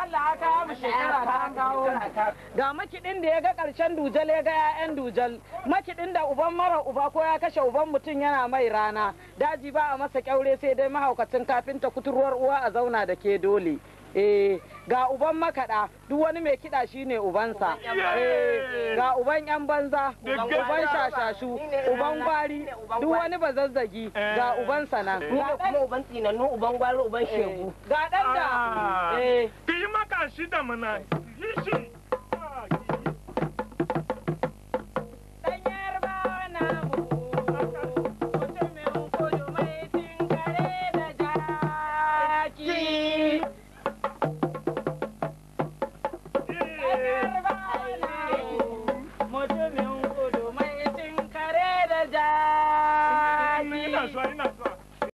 Allah aka abu shekara ta kawo ga makiɗin da ya ga ƙarshen dujal ya ga 'ya'yan dujal makiɗin da uban mara uba ko ya kashe uban mutum yana mai rana daji ba a masa kyaure sai dai mahaukacin kafinta kuturwar uwa a zauna da ke dole eh ga uban makaɗa duk wani mai kiɗa shine ubansa eh, ga uban yan banza uban shashashu uban gwari duk wani bazazzagi ga uban sanan ga kuma uban tsinannu uban gwari uban shegu ga dan da ah. eh ki yi maka shi da mana shi shi mutumin kudu mai cin kare da jami.